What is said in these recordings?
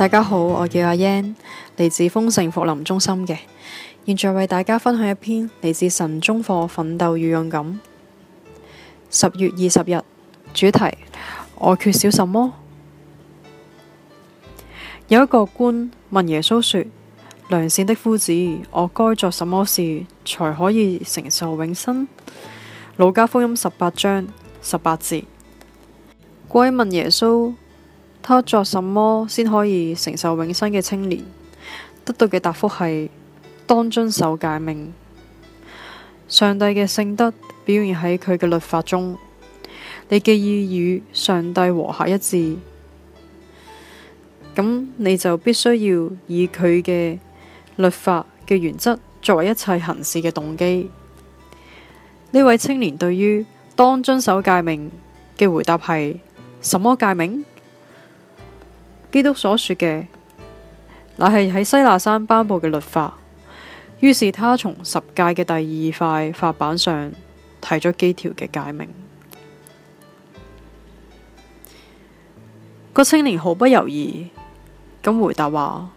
大家好，我叫阿 Yan 嚟自豐盛福林中心嘅，現在為大家分享一篇嚟自神中課奮鬥與勇敢。十月二十日，主題我缺少什麼？有一個官問耶穌說：良善的夫子，我該做什麼事才可以承受永生？《路加福音》十八章十八節。「佢問耶穌。他作什麼先可以承受永生嘅青年？得到嘅答复係：當遵守誡命，上帝嘅聖德表現喺佢嘅律法中。你嘅意與上帝和諧一致，咁你就必須要以佢嘅律法嘅原則作為一切行事嘅動機。呢位青年對於當遵守誡命嘅回答係：什麼誡命？基督所說嘅，乃係喺西乃山頒布嘅律法。於是他從十誡嘅第二塊法版上提咗幾條嘅誡命。個青年毫不猶豫咁回答話：，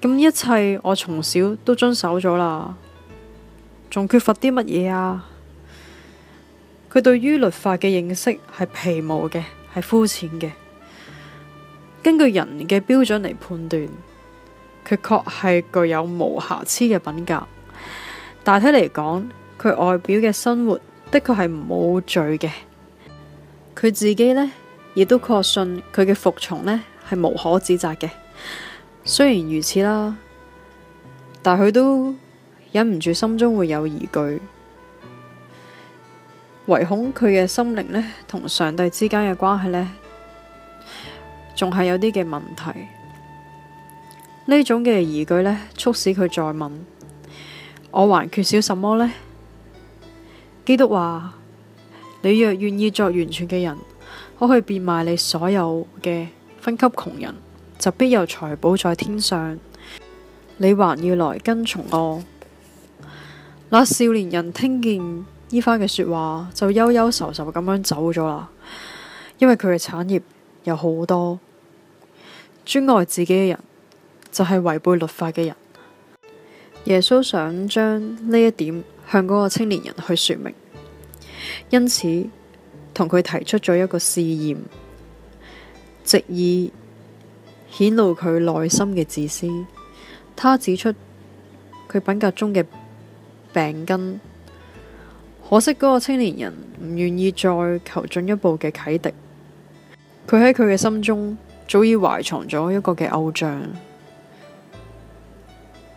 咁一切我從小都遵守咗喇，仲缺乏啲乜嘢啊？佢對於律法嘅認識係皮毛嘅，係膚淺嘅。根據人嘅標準嚟判斷，佢確係具有無瑕疵嘅品格。大體嚟講，佢外表嘅生活的確係冇罪嘅。佢自己呢，亦都確信佢嘅服從呢係無可指責嘅。雖然如此啦，但佢都忍唔住心中會有疑懼，唯恐佢嘅心靈呢，同上帝之間嘅關係呢，仲係有啲嘅問題，種呢種嘅疑懼呢，促使佢再問：我還缺少什麼呢？」基督話：你若願意作完全嘅人，可去變賣你所有嘅分給窮人，就必有財寶在天上。你還要來跟從我。那少年人聽見呢番嘅說話，就憂憂愁愁咁樣走咗啦，因為佢嘅產業。有好多專愛自己嘅人，就係、是、違背律法嘅人。耶穌想將呢一點向嗰個青年人去說明，因此同佢提出咗一個試驗，直以顯露佢內心嘅自私。他指出佢品格中嘅病根。可惜嗰個青年人唔願意再求進一步嘅啟迪。佢喺佢嘅心中早已懷藏咗一個嘅偶像，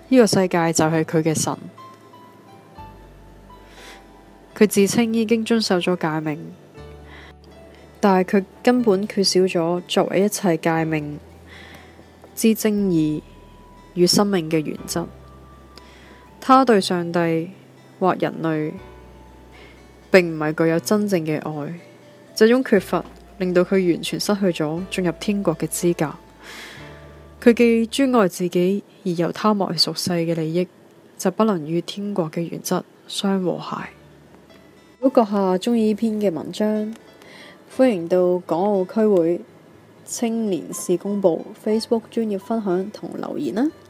呢個世界就係佢嘅神。佢自稱已經遵守咗誡命，但係佢根本缺少咗作為一切誡命之精義與生命嘅原則。他對上帝或人類，並唔係具有真正嘅愛，這種缺乏，令到佢完全失去咗進入天國嘅資格，佢既專愛自己而又貪愛屬世嘅利益，就不能與天國嘅原則相和諧。如果閣下鍾意呢篇嘅文章，歡迎到港澳區會青年事工部 Facebook 專頁分享同留言啦、啊。